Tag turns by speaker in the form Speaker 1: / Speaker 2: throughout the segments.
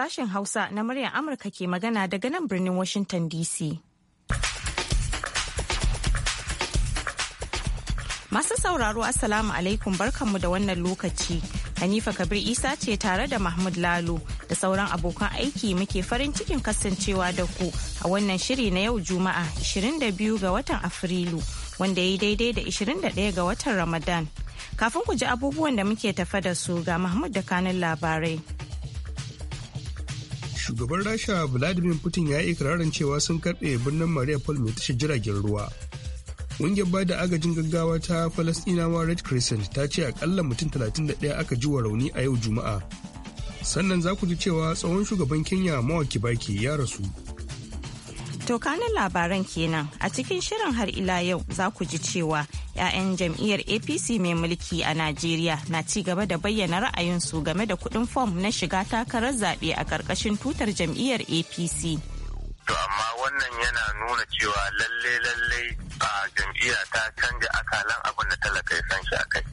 Speaker 1: sashen Hausa na muryar Amurka ke magana daga nan birnin Washington DC. Masu sauraro Assalamu alaikum barkanmu da wannan lokaci. Hanifa Kabir Isa ce tare da Mahmud Lalo da sauran abokan aiki muke farin cikin kasancewa da ku a wannan shiri na yau Juma'a 22 ga watan Afrilu wanda ya yi daidai da 21 ga watan Ramadan. Kafin ku ji abubuwan da muke tafa da su ga Mahmud da kanin labarai.
Speaker 2: shugaban rasha vladimir putin ya yi ikirarin cewa sun karɓe birnin mariupol mai tashar jiragen ruwa ƙungiyar bada agajin gaggawa ta falastinawa red crescent ta ce akalla mutum 31 aka ji wa rauni a yau juma'a sannan za ku ji cewa tsawon shugaban kenya mawa kibaki ya rasu
Speaker 1: To kanin labaran kenan a cikin shirin har ila yau za ku ji cewa 'ya'yan jam'iyyar APC mai mulki a Najeriya na ci gaba da bayyana ra'ayinsu game da kuɗin fom na shiga takarar zaɓe a ƙarƙashin tutar jam'iyyar APC.
Speaker 3: To amma wannan yana nuna cewa lalle lalle
Speaker 4: a jam'iyya ta canja akalan abin da talaka ya san shi a kai.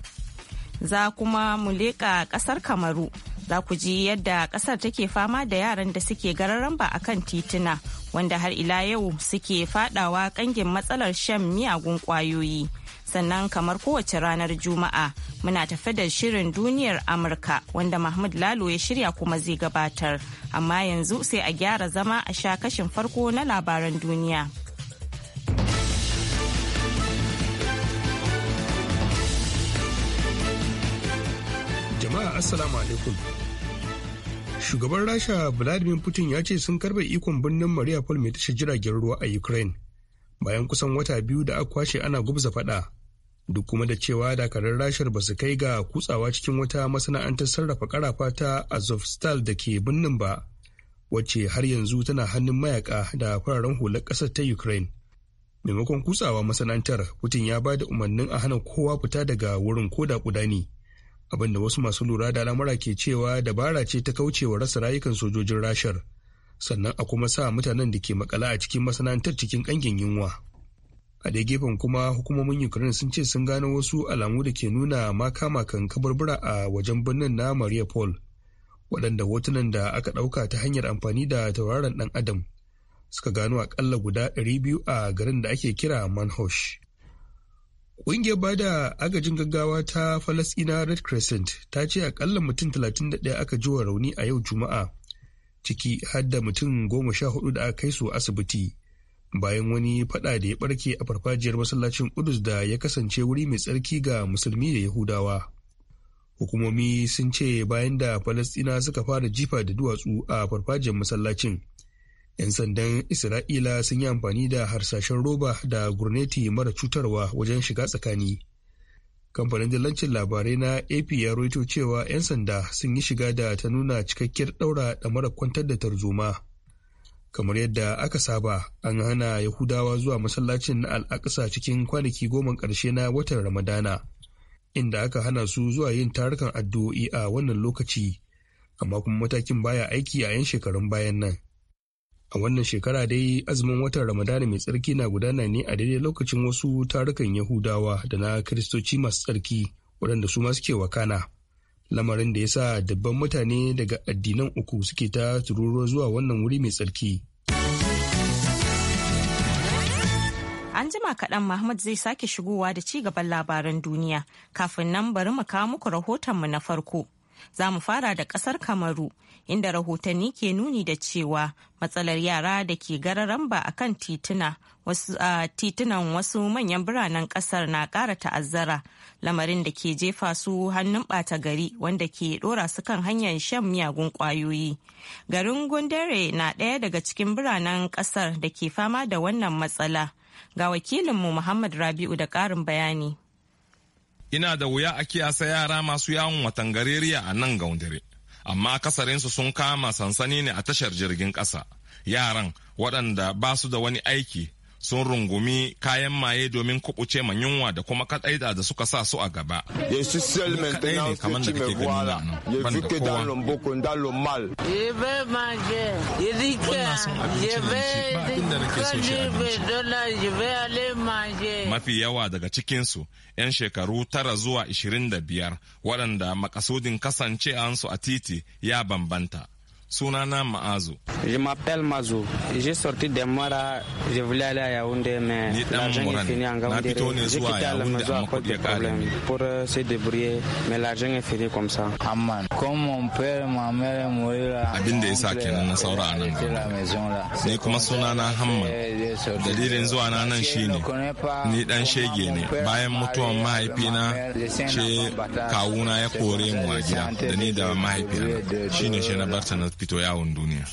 Speaker 1: Za kuma mu leƙa ƙasar Kamaru za ku ji yadda kasar take fama da yaran da suke gararamba a kan tituna wanda har ila yau suke fadawa kangin matsalar shan miyagun kwayoyi sannan kamar kowace ranar juma'a muna tafi da shirin duniyar amurka wanda mahmud lalo ya shirya kuma zai gabatar amma yanzu sai a gyara zama a sha kashin farko na labaran duniya.
Speaker 2: assalamu alaikum shugaban rasha vladimir putin ya ce sun karbe ikon birnin mariupol mai tashar jiragen ruwa a ukraine bayan kusan wata biyu da aka kwashe ana gubza fada duk kuma da cewa dakarar rashar ba su kai ga kutsawa cikin wata masana'antar sarrafa karafa ta azovstal da ke birnin ba wacce har yanzu tana hannun mayaka da fararen hular ƙasar ta ukraine maimakon kutsawa masana'antar putin ya ba da umarnin a hana kowa fita daga wurin koda kuda abinda wasu masu lura da lamura ke cewa dabara ce ta kaucewa rasa rayukan sojojin rashar sannan a kuma sa mutanen da ke makala a cikin masana'antar cikin ƙangin yunwa a dai gefen kuma hukumomin ukraine sun ce sun gano wasu alamu da ke nuna makama kan kaburbura a wajen birnin na Maria Paul, waɗanda hotunan da aka ɗauka ta hanyar amfani da tauraron ɗan adam suka gano akalla guda 200 a garin da ake kira manhosh Ƙungiyar bada agajin gaggawa ta Falasina Red Crescent ta ce akalla mutum 31 aka ji wa rauni a yau Juma'a, ciki har da mutum goma sha hudu da aka kai su asibiti bayan wani faɗa da ya barke a farfajiyar masallacin Kudus da ya kasance wuri mai tsarki ga musulmi da Yahudawa. Hukumomi sun ce bayan da Falasɗina suka fara jifa da duwatsu a farfajiyar masallacin. 'Yan sandan Isra'ila sun yi amfani da harsashen roba da gurneti mara cutarwa wajen shiga tsakani. Kamfanin dillancin labarai na AP ya roito cewa 'yan sanda sun yi shiga da ta nuna cikakkiyar ɗaura da mara kwantar da tarzoma. Kamar yadda aka saba, an hana Yahudawa zuwa masallacin na al'aƙasa cikin kwanaki goma ƙarshe na watan Ramadana, inda aka hana su zuwa yin tarukan addu'o'i a wannan lokaci, amma kuma matakin baya aiki a 'yan shekarun bayan nan. a wannan shekara dai azumin watan ramadana mai tsarki na gudana ne a daidai lokacin wasu tarukan yahudawa da na kiristoci masu tsarki waɗanda su ma suke wakana lamarin da ya sa dabban mutane daga addinan uku suke ta tururo zuwa wannan wuri mai tsarki
Speaker 1: an jima kaɗan Mahmud zai sake shigowa da ci gaban labaran duniya kafin nan bari mu kawo muku rahotonmu na farko za mu fara da ƙasar kamaru inda rahotanni ke nuni da cewa matsalar yara da ke gararamba a kan tituna titunan wasu manyan biranen kasar na kara ta'azzara lamarin da ke jefa su hannun bata gari wanda ke ɗora su kan hanyar shan miyagun ƙwayoyi garin gundare na ɗaya daga cikin biranen ƙasar da ke fama da wannan matsala ga wakilinmu muhammad rabi'u da ƙarin bayani
Speaker 5: ina da wuya a asa yara masu yawon watan gareriya a nan gaundare amma kasarinsu sun kama sansani ne a tashar jirgin ƙasa yaran waɗanda ba su da wani aiki sun rungumi kayan maye domin kubuce ma yunwa da kuma katsaida da suka sa su a gaba. Mafi yawa daga cikinsu 'yan shekaru tara zuwa ishirin da biyar waɗanda makasudin kasancewansu a titi ya bambanta. je
Speaker 3: m'appelle Mazou. j'ai sorti de mara je voulais aller à yaoundé mais l'argent est fini en gaoundé j'ai quitté à la maison à
Speaker 5: cause des pour euh, se débrouiller mais l'argent est fini comme ça amman abin da ya sa kenan na saura
Speaker 4: a nan ni kuma sunana hamman dalilin zuwa na nan shine ni dan shege ne bayan mutuwan mahaifina ce kawuna
Speaker 5: ya kore mu a gida da ni da mahaifina shine shi na barta na fito yawon duniya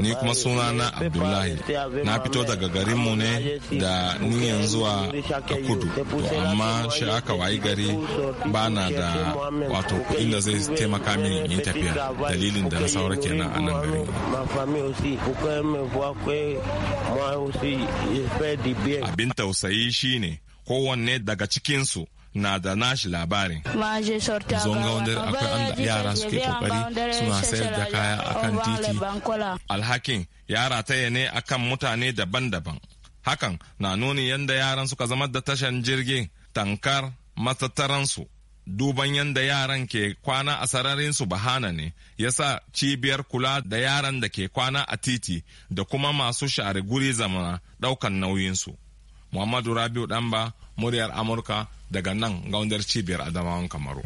Speaker 5: ni kuma sunana abdullahi na fito daga mu ne da niyan zuwa a kudu to amma shi aka wayi gari ba na da wato kuɗin da zai taimaka mini in tafiya dalilin da na saura kenan a nan gari abin tausayi shine kowanne daga cikinsu na da nashi labarin. Zonga wanda akwai da yara suke kokari suna sayar da kaya akan titi. Alhakin yara taya ne akan mutane daban-daban. Hakan na nuni yadda yaran suka zama da tashan jirgin tankar matattaransu duban yadda yaran ke kwana a sararin su bahana ne ya sa cibiyar kula da yaran da ke kwana a titi da kuma masu share guri zamana daukan nauyinsu muhammadu rabiu ɗanba muryar amurka daga nan gaundar cibiyar adamawan kamaru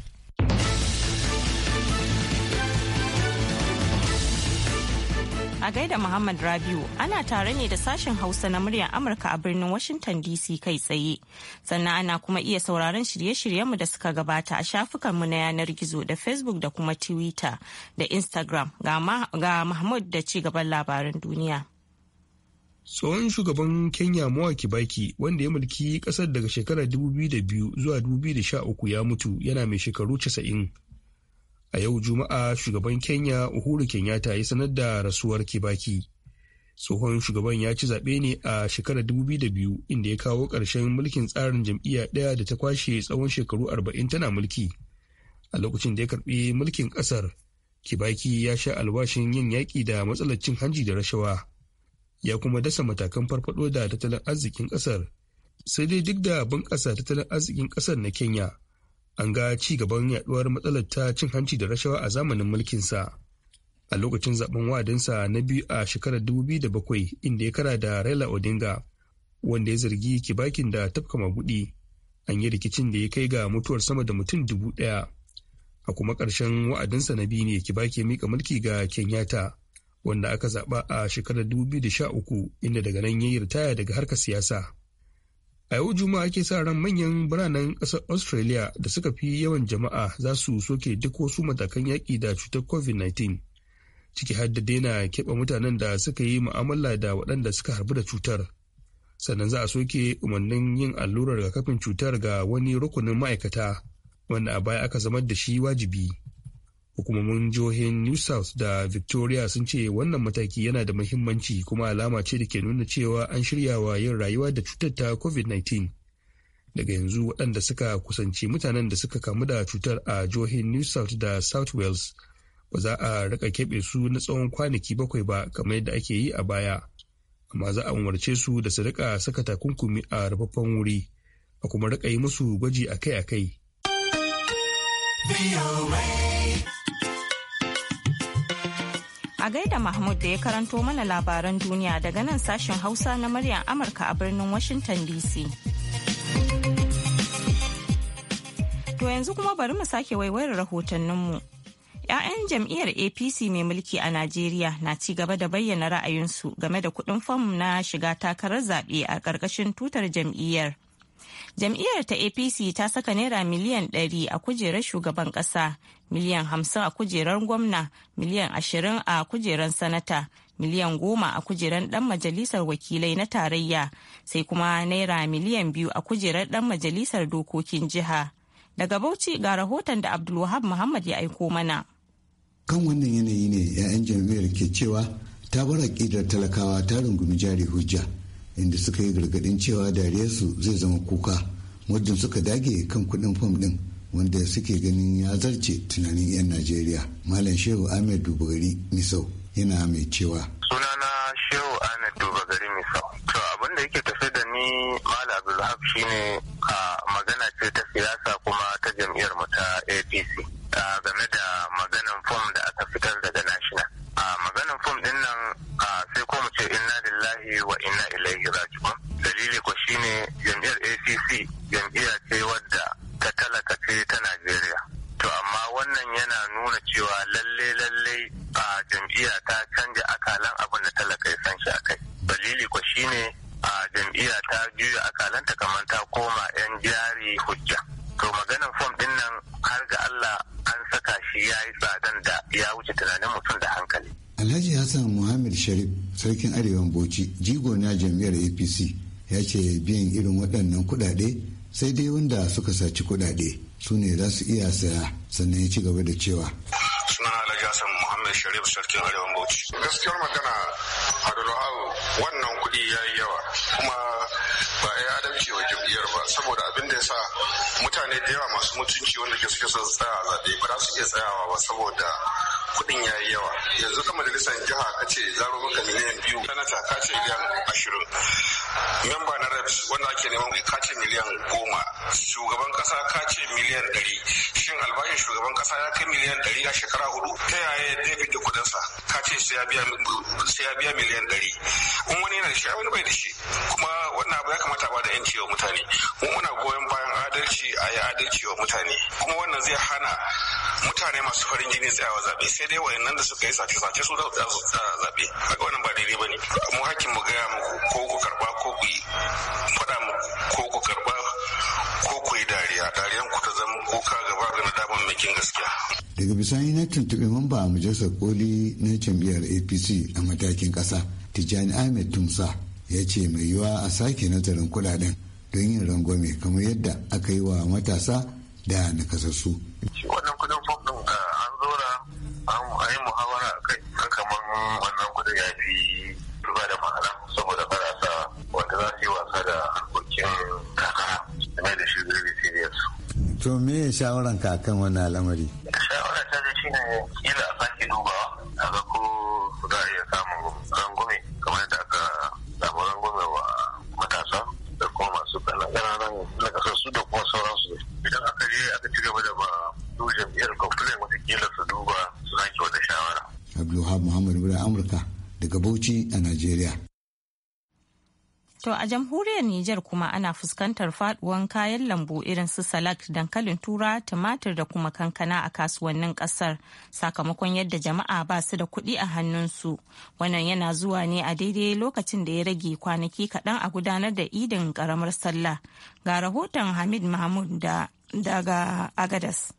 Speaker 1: a gaida Muhammad Rabiu ana tare ne da sashen Hausa na muryar Amurka a birnin Washington DC kai tsaye. Sannan ana kuma iya sauraron shirye-shiryenmu da suka gabata a shafukanmu na yanar gizo da Facebook da kuma Twitter da Instagram ga Mahmud da ci gaban labaran duniya.
Speaker 2: Tsohon shugaban Kenya Mawa Kibaki wanda ya mulki kasar daga shekarar 2002 zuwa 2013 ya mutu yana mai shekaru 90. a yau juma'a shugaban kenya uhuru kenyatta ya sanar da rasuwar kibaki tsohon shugaban ya ci zaɓe ne a shekarar 2002 inda ya kawo ƙarshen mulkin tsarin jam'iyya ɗaya da ta kwashe tsawon shekaru 40 tana mulki a lokacin da ya karɓi mulkin ƙasar kibaki ya sha alwashin yin yaƙi da matsalar cin hanji da rashawa ya kuma dasa matakan farfaɗo da tattalin arzikin ƙasar sai dai duk da bunƙasa tattalin arzikin ƙasar na kenya an ga ci gaban yaduwar matsalar ta cin hanci da rashawa a zamanin mulkinsa a lokacin zaben wa'adinsa na biyu a shekarar 2007 inda ya kara da raila odinga wanda ya zargi kibakin da tafka magudi an yi rikicin da ya kai ga mutuwar sama da mutum dubu daya a kuma ƙarshen wa'adinsa na biyu ne kibaki ya mika mulki ga kenyatta wanda aka zaɓa a shekarar 2013 inda daga nan ya yi ritaya daga harkar siyasa a yau juma'a ake sa ran manyan biranen ƙasar australia da suka fi yawan jama'a za su soke duk wasu matakan yaƙi da cutar covid-19 ciki har da daina keɓe mutanen da suka yi mu'amala da waɗanda suka harbu da cutar sannan za a soke umarnin yin allurar rigakafin cutar ga wani rukunin ma'aikata wanda a baya aka zamar da shi wajibi hukumomin jihohin new south da victoria sun ce wannan mataki yana da muhimmanci kuma alama ce da ke nuna cewa an shirya wa yin rayuwa da cutar ta covid-19 daga yanzu waɗanda suka kusanci mutanen da suka kamu da cutar a jihohin new south da south wales ba za a rika keɓe su na tsawon kwanaki bakwai ba kamar yadda ake yi a baya amma za a umarce su da su rika saka takunkumi a rufaffen wuri a kuma rika yi musu gwaji akai-akai.
Speaker 1: A gaida Mahmud da ya karanto mana labaran duniya daga nan sashen Hausa na muryar Amurka a birnin Washington DC. To yanzu kuma bari mu sake waiwayar rahotanninmu. 'Ya'yan jam'iyyar APC mai mulki a Najeriya na ci gaba da bayyana ra'ayinsu game da kuɗin fam na shiga takarar zaɓe a ƙarƙashin tutar jam'iyyar. Jam'iyyar ta APC ta saka naira miliyan 100 a kujerar shugaban ƙasa, miliyan 50 a kujerar gwamna, miliyan 20 a kujerar sanata, miliyan 10 a kujerar ɗan majalisar wakilai na tarayya, sai kuma naira miliyan 2 a kujerar ɗan majalisar dokokin jiha. Daga Bauchi ga rahoton da Abdulwahab Muhammad ya aiko mana.
Speaker 4: Kan wannan yanayi ne 'ya'yan jam'iyyar ke cewa ta bar aƙidar talakawa ta rungumi jari hujja. inda suka yi gargaɗin cewa dariyarsu zai zama kuka muddin suka dage kan kudin fom din wanda suke ganin ya zarce tunanin 'yan najeriya malam shehu ahmed dubagari misau yana mai cewa sunana shehu ahmed dubagari misau to abin da yake tafe da ni malam abdulhab shine ce biyan irin waɗannan kuɗaɗe sai dai wanda suka saci kuɗaɗe su ne za su iya saya sannan ya ci gaba da cewa.
Speaker 5: suna alhaji hassan muhammad sharif sarkin arewan bauchi gaskiyar magana abdulwahab wannan kuɗi ya yi yawa kuma ba ya adalci wa jam'iyyar ba saboda abin da ya sa mutane da yawa masu mutunci wanda ke suke son tsaya a zaɓe ba za su iya tsayawa ba saboda kuɗin ya yi yawa yanzu ta majalisar jiha ka ce zaro maka miliyan biyu sanata ka ce miliyan ashirin memba na reps wanda ake neman kace miliyan goma shugaban kasa kace miliyan ɗari shin albashin shugaban kasa ya kai miliyan ɗari a shekara hudu ta yaya david da sa kace sai ya biya miliyan ɗari in wani yana da shi wani bai da shi kuma wannan abu ya kamata ba da yanci wa mutane mu muna goyon bayan adalci a yi adalci wa mutane kuma wannan zai hana mutane masu farin jini tsayawa zaɓe sai dai wayannan da suka yi sace-sace su da zaɓe haka wannan ba daidai ba ne mu hakkin mu gaya muku ko ku karɓa ko ko ku faɗa ko ku karɓa ko ku yi dariya dariyan ku ta zama
Speaker 4: kuka gaba ga na damar makin gaskiya. daga bisani na tuntuɓi mamba a majalisar koli na jam'iyyar apc a matakin ƙasa tijjani ahmed tumsa ya ce mai yiwa a sake nazarin kuɗaɗen don yin rangwame kamar yadda aka yi wa matasa da nakasassu. wannan kudin fom ɗin eh, an zora an yi muhawara akai kamar wannan kudin ya fi To me ya shawaran ka kan wannan al'amari?
Speaker 1: ana fuskantar faduwan kayan lambu irin su salak dankalin tura tumatir da kuma kankana a kasuwannin kasar sakamakon yadda jama'a ba su da kuɗi a hannunsu wannan yana zuwa ne a daidai lokacin da ya rage kwanaki kaɗan a gudanar da idin ƙaramar sallah ga rahoton hamid mahmud daga agadas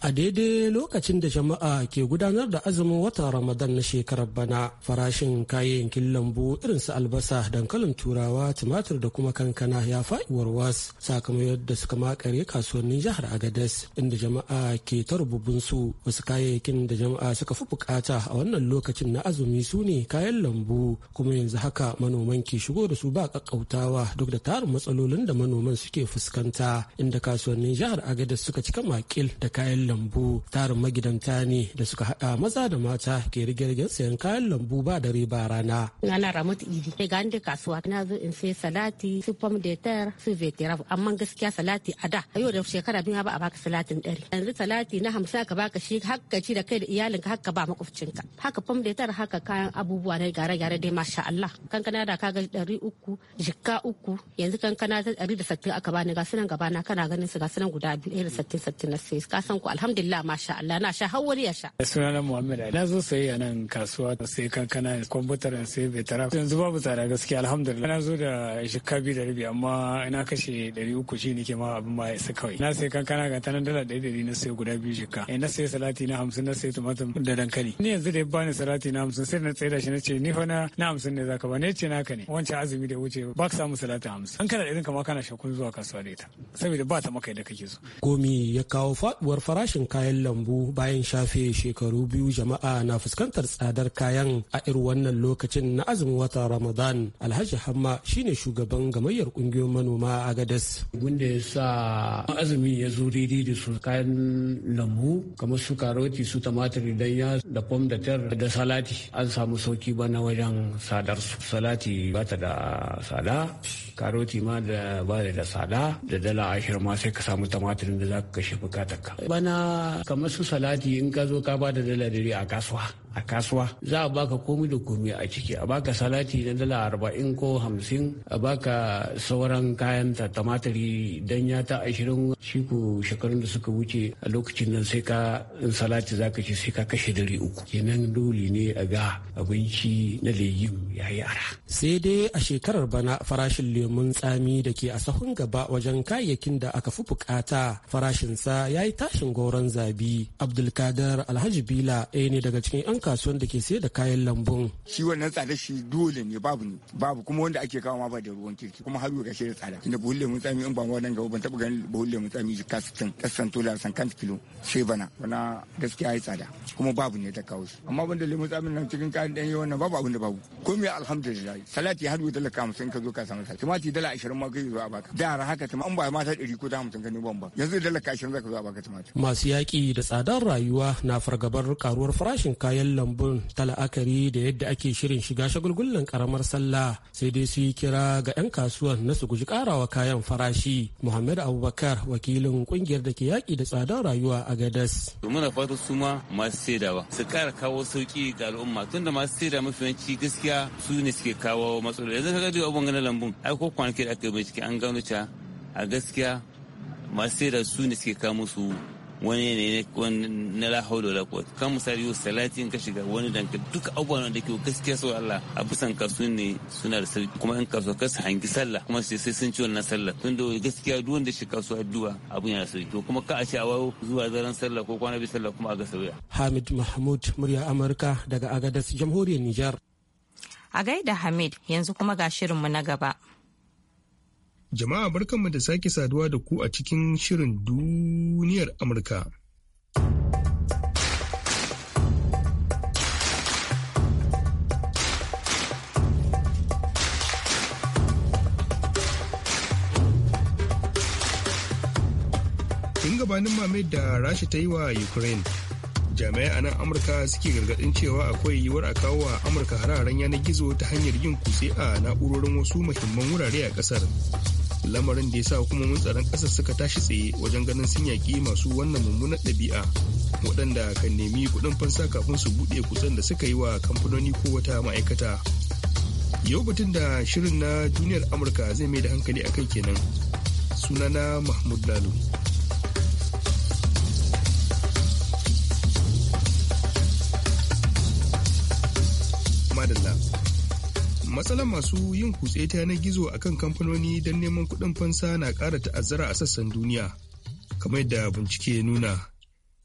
Speaker 3: A daidai lokacin da jama'a ke gudanar da azumin watan Ramadan na shekarar bana farashin kayayyakin lambu irin su albasa, dankalin turawa, tumatir da kuma kankana ya faɗi warwas sakamakon yadda suka makare kasuwannin jihar Agadez inda jama'a ke ta su wasu kayayyakin da jama'a suka fi bukata a wannan lokacin na azumi su ne kayan lambu kuma yanzu haka manoman ke shigo da su ba kakkautawa duk da tarin matsalolin da manoman suke fuskanta inda kasuwannin jihar Agadez suka cika makil da kayan lambu tarin magidanta ne da suka hada maza da mata ke rigirgin sayan kayan lambu ba da ba rana.
Speaker 6: Ana Ramatu Idi, sai ga da kasuwa na zo in sai salati, su pom de terre, su vetera, amma gaskiya salati a da. Yau da shekara biyu ba a baka salatin ɗari. Yanzu salati na hamsin ka baka shi haka ci da kai da iyalinka haka ba makwabcinka. Haka pom de terre haka kayan abubuwa na gyare-gyare dai masha Allah. Kankana da ga ɗari uku, jikka uku, yanzu kankana ta ɗari da sattin aka bani ga sunan gabana kana ganin su ga sunan guda biyu da sattin sattin na sai. Ka san ku alhamdulillah masha Allah na sha har wani ya sha.
Speaker 3: na Muhammad na zo sai a nan kasuwa ta. sai kankana kwamfutar sai betara yanzu babu tsada gaskiya alhamdulillah na zo da shikka biyu da rabi amma ina kashe ɗari uku shi nake ma abin ma isa kawai na sai kankana ga tanan dala ɗaya ɗari na sai guda biyu shikka eh, na sai salati na hamsin na sai tumatir da dankali ni yanzu da ya bani salati na hamsin sai na tsaye da shi na ce ni fa na hamsin ne zaka ba ne ce naka ne wancan azumi da wuce ba ka samu salati hamsin an kana ɗarin kama kana shakun zuwa kasuwa da ita saboda ba ta maka da kake so. Gomi ya kawo faɗuwar farashi farashin kayan lambu bayan shafe shekaru biyu jama'a na fuskantar tsadar kayan a irin wannan lokacin na azumin watan Ramadan. Alhaji Hamma shine shugaban gamayyar kungiyoyin manoma a Gadas. Wanda ya sa azumin ya zo daidai da su kayan lambu kamar su karoti su tumatir idan ya da fom da ter da salati an samu sauki na wajen sadar su. Salati ba ta da sada karoti ma da ba da sada da dala ashirin ma sai ka samu tumatirin da za ka kashe bukatarka bana kamar su salati in ka zo ka ba da dala dari a kasuwa a kasuwa za a baka komi da komi a ciki a baka salati na dala arba'in ko hamsin a baka sauran kayan ta don ya ta ashirin shiku shekarun da suka wuce a lokacin nan sai ka in salati za ka ci sai ka kashe dare uku kenan dole ne a ga abinci na leyin ya yi ara. sai dai a shekarar bana farashin lemun tsami da ke a sahun gaba wajen kayayyakin da aka fi bukata farashinsa ya yi tashin goron zabi abdulkadir alhaji bila ɗaya ne daga cikin 'yan kasuwan da ke sayar da kayan lambun.
Speaker 7: Shi wannan tsada shi dole ne babu ne babu kuma wanda ake kawo ma ba da ruwan kirki kuma har ga shi da tsada. Tunda buhun lemun tsami in ba wannan gaba ban taɓa ganin buhun lemun tsami shi kasitin kasan tola san kan kilo sai bana wana gaskiya ya tsada kuma babu ne ta kawo shi. Amma banda lemun tsamin nan cikin kayan ɗan yawan nan babu abin da babu. Komai alhamdulillah salati har wuta dala musu in ka zo ka samu salati. Tumati dala ashirin ma ka kai zuwa baka. Da haka tuma an ba mata ɗari ko ta hamsin gani ban ba. Yanzu dala ka ashirin za
Speaker 3: ka zo a baka tumati. Masu yaƙi da tsadar rayuwa na fargabar karuwar farashin kayan lambun ta la'akari da yadda ake shirin shiga shagulgullan karamar sallah sai dai su yi kira ga 'yan kasuwan na su guji karawa kayan farashi muhammad abubakar wakilin kungiyar da ke yaƙi da tsadar rayuwa a gadas muna fata su ma masu saidawa su kara kawo sauki ga al'umma tunda masu saida yanci gaskiya su ne suke kawo matsaloli yanzu ka ga abubuwan ganin lambun ai ko kwanaki da aka yi bincike an gano ta a gaskiya masu saida su ne suke kawo musu wani ne na la da la kan misali yau salati in ka shiga wani danka duk abubuwan da ke gaskiya sau Allah a bisan kasu ne suna da sarki kuma in kasu ka su hangi sallah kuma sai sun ci wannan sallah tun da gaskiya duk wanda shi kasu addu'a abun yana sarki to kuma ka a a wayo zuwa zaren sallah ko kwana biyu sallah kuma a ga sauya Hamid Mahmud murya Amurka daga Agadas jamhuriyar Nijar
Speaker 1: a gaida Hamid yanzu kuma ga shirinmu na gaba
Speaker 2: Jama'a barkanmu da sake saduwa da ku a cikin shirin duniyar Amurka. gabanin mame da Rasha ta yi wa Ukraine, jami'ai a nan Amurka suke gargaɗin cewa akwai yiwuwar a kawo wa Amurka hararen yanar gizo ta hanyar yin kutse a na'urorin wasu muhimman wurare a ƙasar. lamarin da ya sa hukumomin tsaron ƙasar suka tashi tsaye wajen ganin sun yaƙi masu wannan mummunar ɗabi'a waɗanda kan nemi kuɗin fansa kafin su buɗe kusan da suka yi wa kamfanoni ko wata ma'aikata yau batun da shirin na duniyar amurka zai mai da hankali akan kenan sunana mahmud lalu Matsalan masu yin kutse ta yanar gizo a kan kamfanoni don neman kuɗin fansa na ƙara ta'azzara a sassan duniya kamar da bincike ya nuna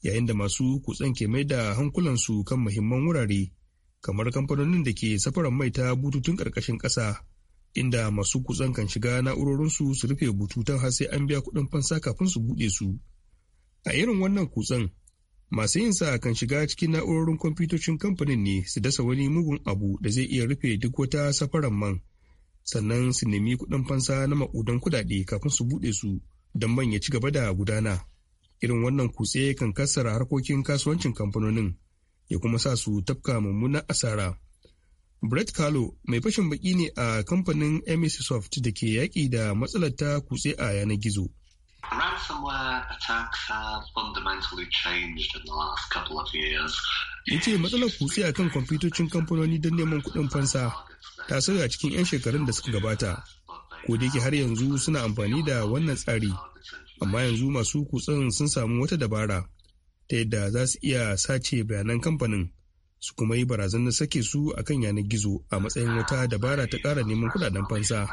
Speaker 2: yayin da masu kutsen ke mai da hankulansu kan muhimman wurare kamar kamfanonin da ke safaran mai ta bututun ƙarƙashin ƙasa inda masu kutsen kan shiga na'urorinsu su rufe bututun har sai an biya kuɗin fansa kafin su buɗe su a irin wannan kutsen masu yin sa kan shiga cikin na'urorin kwamfutocin kamfanin ne su dasa wani mugun abu da zai iya rufe duk wata safaran man sannan su nemi kuɗin fansa na maƙudan kuɗaɗe kafin su buɗe su don man ya ci gaba da gudana irin wannan kutse kan kassara harkokin kasuwancin kamfanonin ya kuma sa su tafka mummunan asara brett carlo mai fashin baki ne a kamfanin soft da ke yaƙi da matsalar ta kutse a yanar gizo Ya ce matsalar kutse a kan kwamfutocin kamfanoni don neman kuɗin fansa ta sauya cikin 'yan shekarun da suka gabata. Ko da yake har yanzu suna amfani da wannan tsari, amma yanzu masu kutsen sun samu wata dabara ta yadda za su iya sace bayanan kamfanin su kuma yi barazanar sake su a kan yanar gizo a matsayin wata dabara ta kara neman kudaden fansa.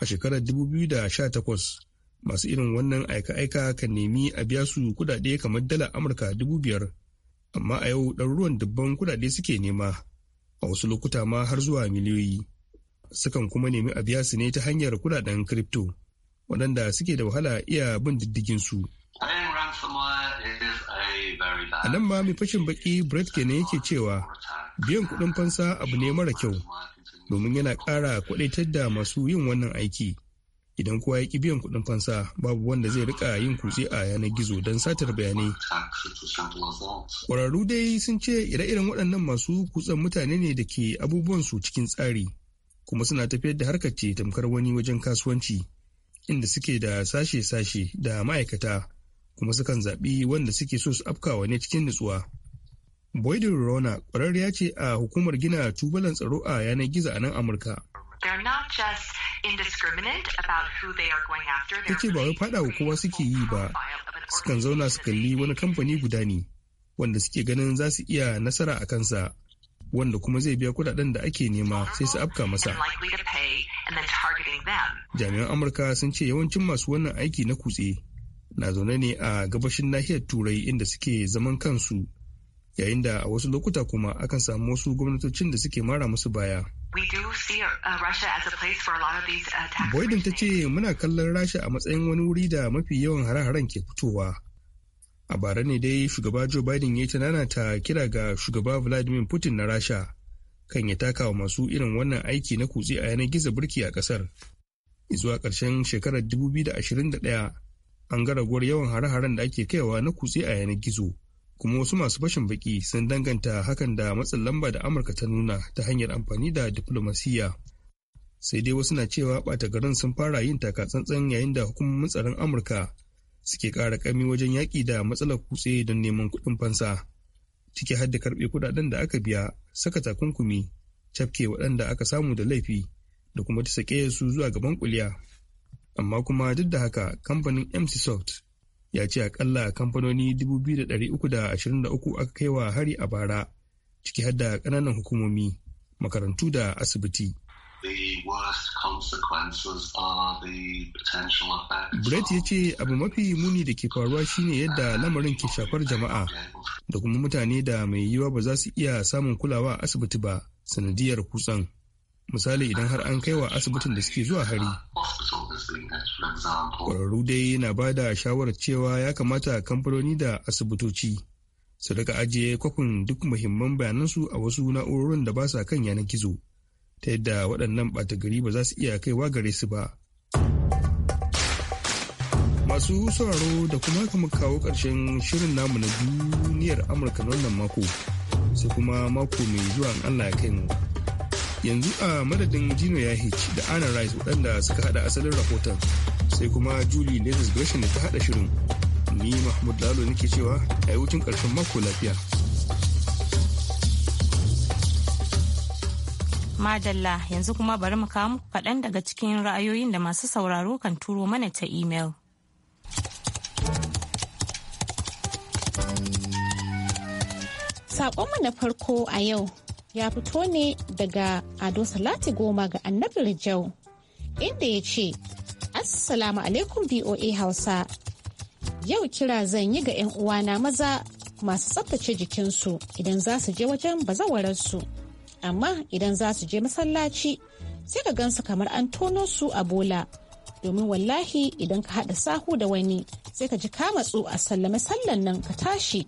Speaker 2: A shekarar 2018 masu irin wannan aika-aika kan nemi a biya su kudade kamar dala Amurka dubu biyar, amma a yau ɗaruruwan dubban kudade suke nema, a wasu lokuta ma har zuwa miliyoyi. Sukan kuma nemi a biya su ne ta hanyar kudaden kripto, waɗanda suke da wahala iya bin diddigin su. a nan ma mai fashin baki brett kenan yake cewa biyan kuɗin fansa abu ne mara kyau domin yana ƙara kuɗaitar da masu yin wannan aiki idan kowa ya ki biyan kuɗin fansa babu wanda zai rika yin kutse a yanar gizo don satar bayanai ƙwararru dai sun ce ire-iren waɗannan masu kutsen mutane ne da ke abubuwansu cikin tsari kuma suna tafiyar da harkar ce tamkar wani wajen kasuwanci inda suke da sashe-sashe da ma'aikata kuma sukan zaɓi wanda suke so su afkawa ne cikin nutsuwa. Boydin Rona ƙwararriya ce a hukumar gina tubalan tsaro a yanar gizo a nan Amurka. Ta ce ba wai faɗawa kowa suke yi ba, sukan zauna su kalli wani kamfani guda ne, wanda suke ganin za su iya nasara a kansa, wanda kuma zai biya kudaden da ake nema sai su afka masa. Jami'an Amurka sun ce yawancin masu wannan aiki na kutse na zaune ne a gabashin nahiyar turai inda suke zaman kansu yayin da a wasu lokuta kuma akan samu wasu gwamnatocin da suke mara musu baya.
Speaker 7: Uh, uh,
Speaker 2: Boydin ta ce muna kallon Rasha a matsayin wani wuri da mafi yawan hare-haren ke fitowa. A bara ne dai shugaba Joe Biden ya tanana ta kira ga shugaba Vladimir Putin na Rasha kan ya taka wa masu irin wannan aiki na kutse a yanar gizo birki a kasar. Zuwa ƙarshen shekarar 2021 an ga raguwar yawan hare-haren da ake kaiwa na kutse a yanar gizo kuma wasu masu fashin baki sun danganta hakan da matsin lamba da amurka ta nuna ta hanyar amfani da diflomasiyya sai dai wasu na cewa ɓata garin sun fara yin taka takatsantsan yayin da hukumomin tsaron amurka suke ƙara ƙami wajen yaƙi da matsalar kutse don neman kuɗin fansa ciki har da karɓe kuɗaɗen da aka biya saka takunkumi cafke waɗanda aka samu da laifi da kuma ta sake su zuwa gaban kuliya amma kuma duk da haka kamfanin mcsoft ya ce akalla kamfanoni 2,323 aka kai wa hari a bara ciki har kananan hukumomi makarantu da asibiti. Brett ya ce abu mafi muni da ke faruwa shine yadda lamarin ke shafar jama'a da kuma mutane da mai yiwuwa ba za su iya samun kulawa a asibiti ba sanadiyar kutsan. misali idan har an kai wa asibitin da suke zuwa hari ƙwararru dai na ba da shawarar cewa ya kamata kamfanoni da asibitoci su daga ajiye kwafin duk muhimman bayanansu a wasu na'urorin da ba sa kan yanar gizo ta yadda waɗannan ɓata gari ba za su iya kaiwa gare su ba masu sauraro da kuma haka kawo ƙarshen shirin namu na duniyar amurka na wannan mako sai kuma mako mai zuwa Allah ya kai mu yanzu a madadin jino ya hici da ana rice waɗanda suka hada asalin rahoton sai kuma julie ladies gresham da ta hada shirin ni mahmud lalo nake cewa a wucin ƙarshen mako lafiya
Speaker 1: madalla yanzu kuma bari mu kawo muku kaɗan daga cikin ra'ayoyin da masu sauraro kan turo mana ta imel.
Speaker 6: sakonmu na farko a yau ya fito ne daga Ado Salati Goma ga Annabi Rijau, inda ya ce, Assalamu alaikum BOA Hausa, yau kira zan yi ga 'yan uwana maza masu tsabtace jikinsu idan za su je wajen bazawararsu. Amma idan za su je masallaci sai ka gansu kamar an tono su a bola. Domin wallahi idan ka haɗa sahu da wani sai ka ji kama tsu a sallame sallan nan ka tashi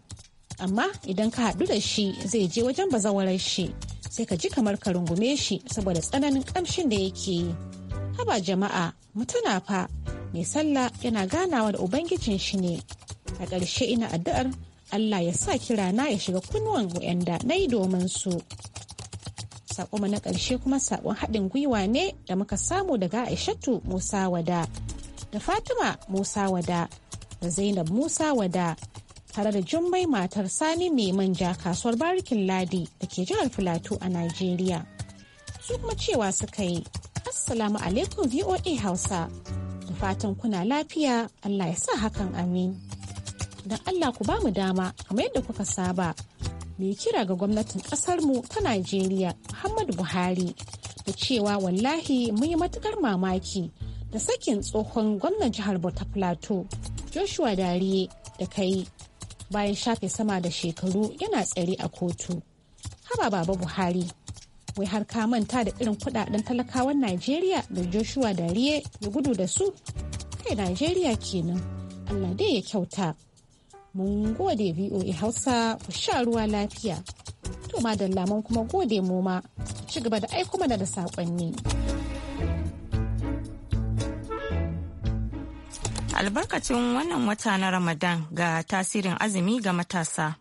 Speaker 6: amma idan ka haɗu da shi zai je wajen bazawarar shi sai ka ji kamar ka rungume shi saboda tsananin ƙamshin da yake yi haba jama'a mutuna fa mai sallah yana ganawa da ubangijin shi ne a ƙarshe ina addu'ar allah ya sa kirana ya shiga kunnuwan wa'anda na yi domin su sakoma na ƙarshe kuma saƙon haɗin gwiwa ne da muka samu daga aishatu musa wada da fatima musa wada da zainab musa wada tare da jummai matar sani mai manja kasuwar barikin ladi da ke jihar filato a nigeria su kuma cewa suka yi assalamu alaikum voa hausa da fatan kuna lafiya allah ya sa hakan amin don allah ku ba mu dama kamar yadda kuka saba mai kira ga gwamnatin kasarmu ta nigeria muhammadu buhari da cewa wallahi mun yi matukar mamaki da sakin tsohon gwamnan jihar bauta Plateau Joshua Dariye da kai bayan shafe sama da shekaru yana tsare a kotu. Haba Baba Buhari, wai har ka manta da irin kudaden talakawan Najeriya da Joshua Dariye ya gudu da su? Kai Najeriya kenan, Allah dai ya kyauta. Mun gode VOA Hausa ku sha ruwa lafiya. To da mun kuma gode mu ma, ci gaba da aiko mana da saƙonni.
Speaker 1: albarkacin wannan wata na ramadan ga tasirin azumi ga matasa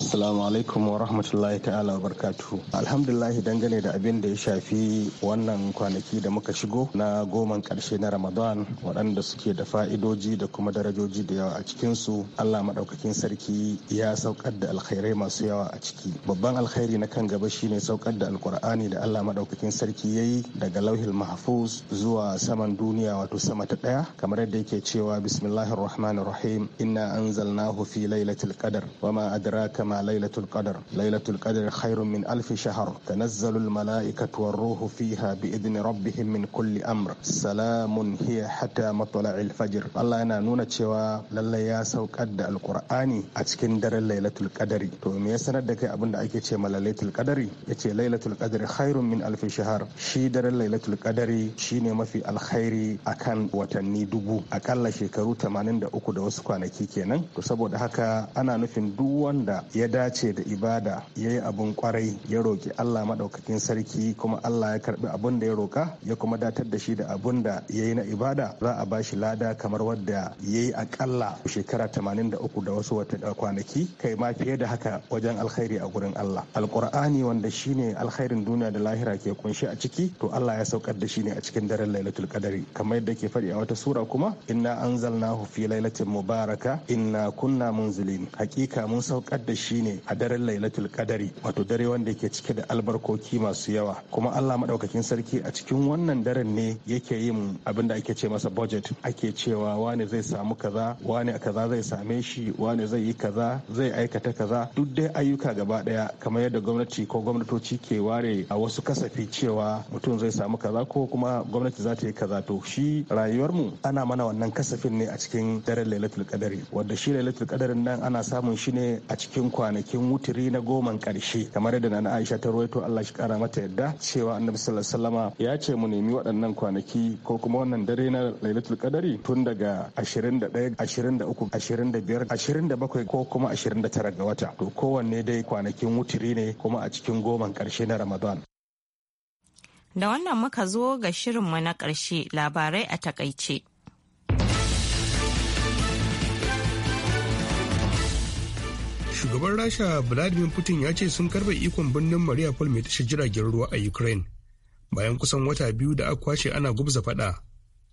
Speaker 7: Assalamu alaikum wa rahmatullahi ta'ala wa barkatu. Alhamdulillahi dangane da abin da ya shafi wannan kwanaki da muka shigo na goman karshe na Ramadan waɗanda suke da fa'idoji da kuma darajoji da yawa a cikinsu Allah maɗaukakin sarki ya saukar da alkhairai masu yawa a ciki. Babban alkhairi na kan gaba shine saukar da alkur'ani da Allah maɗaukakin sarki ya yi daga lauhil mahfuz zuwa saman duniya wato sama ta ɗaya kamar yadda yake cewa bismillahir rahmanir rahim inna anzalnahu fi lailatul qadar wama adraka ma lailatul qadar lailatul qadar khairun min alfi shahar tanazzalul mala'ikatu war ruhu fiha bi idni rabbihim min kulli amr salamun hiya hatta matla'il fajr Allah yana nuna cewa lallai ya saukar da alqur'ani a cikin daren lailatul qadari to me ya sanar da kai abin da ake ce ma lailatul qadari yace lailatul qadari khairun min alfi shahar shi daren lailatul qadari shine mafi alkhairi akan watanni dubu akalla shekaru tamanin da uku da wasu kwanaki kenan to saboda haka ana nufin duk wanda ya ya dace da ibada ya yi abin kwarai ya roƙi Allah maɗaukakin sarki kuma Allah ya karɓi abin da ya roƙa ya kuma datar da shi da abin da ya yi na ibada za a bashi lada kamar wadda ya yi aƙalla shekara tamanin da uku da wasu kwanaki kai ma fiye da haka wajen alkhairi a gurin Allah. Alƙur'ani wanda shine alkhairin duniya da lahira ke kunshi a ciki to Allah ya saukar da shi ne a cikin daren Lailatul kadari kamar yadda ke faɗi a wata sura kuma inna anzalnahu fi lailatin mubaraka inna kunna munzilin hakika mun saukar da shi shine a daren lailatul kadari wato dare wanda yake cike da albarkoki masu yawa kuma allah maɗaukakin sarki a cikin wannan daren ne yake yin abin da ake ce masa budget ake cewa wane zai samu kaza wane kaza zai same shi wane zai yi kaza zai aikata kaza duk dai ayyuka gaba daya kamar yadda gwamnati ko gwamnatoci ke ware a wasu kasafi cewa mutum zai samu kaza ko kuma gwamnati za ta yi kaza to shi rayuwar mu ana mana wannan kasafin ne a cikin daren lailatul kadari wanda shi lailatul kadarin nan ana samun shi ne a cikin kwanakin wuturi na goman ƙarshe kamar yadda na Aisha ta ruwaito Allah shi kara mata yadda cewa Annabi sallallahu alaihi wasallama ya ce mu nemi waɗannan kwanaki ko kuma wannan dare na Lailatul Qadari tun daga 21 23 25 27 ko kuma 29 ga wata to kowanne dai kwanakin wuturi ne kuma a cikin goman ƙarshe na Ramadan
Speaker 1: da wannan muka zo ga shirinmu na ƙarshe labarai a takaice.
Speaker 2: shugaban rasha vladimir putin ya ce sun karbe ikon birnin mariupol mai tashar jiragen ruwa a ukraine bayan kusan wata biyu da aka kwashe ana gubza fada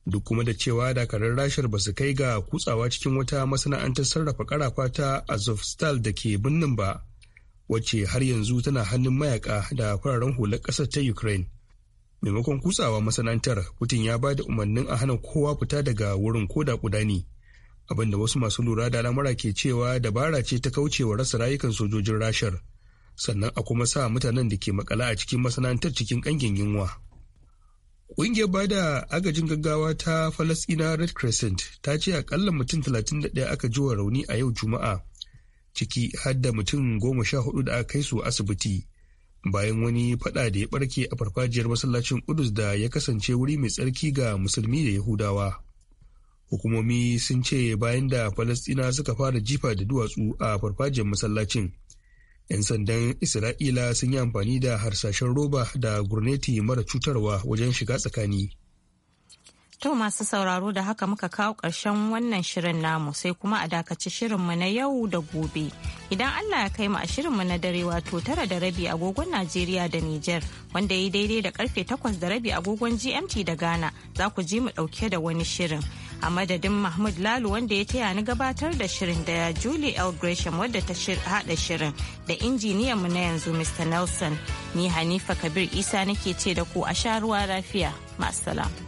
Speaker 2: duk kuma da cewa dakarar rashar ba su kai ga kutsawa cikin wata masana'antar sarrafa karafa ta azovstal da ke birnin ba wacce har yanzu tana hannun mayaka da fararen hular ƙasar ta ukraine maimakon kutsawa masana'antar putin ya ba da umarnin a hana kowa fita daga wurin koda kuda abinda wasu masu lura da lamura ke cewa dabara ce ta kaucewa rasa rayukan sojojin rashar sannan a kuma sa mutanen da ke makala a cikin masana'antar cikin ƙangin yunwa ƙungiyar bada agajin gaggawa ta falasina red crescent ta ce akalla mutum 31 aka ji rauni a yau juma'a ciki har da mutum goma sha hudu da aka kai su asibiti bayan wani fada da ya barke a farfajiyar masallacin kudus da ya kasance wuri mai tsarki ga musulmi da yahudawa hukumomi sun ce bayan da falastina suka fara jifa da duwatsu a farfajiyar masallacin 'yan sandan isra'ila sun yi amfani da harsashen roba da gurneti mara cutarwa wajen shiga tsakani
Speaker 1: To masu sauraro da haka muka kawo ƙarshen wannan shirin namu sai kuma a dakaci shirinmu na yau da gobe. Idan Allah ya kai mu a shirinmu na dare wato tara da rabi agogon Najeriya da Nijar wanda ya yi daidai da karfe takwas da rabi agogon GMT da Ghana za ku ji mu ɗauke da wani shirin. A madadin Mahmud Lalu wanda ya taya ni gabatar da shirin da Julie L. Gresham wadda ta haɗa shirin da injiniyan mu na yanzu Mr. Nelson. Ni Hanifa Kabir Isa nake ce da ku a sha ruwa lafiya. Masalam.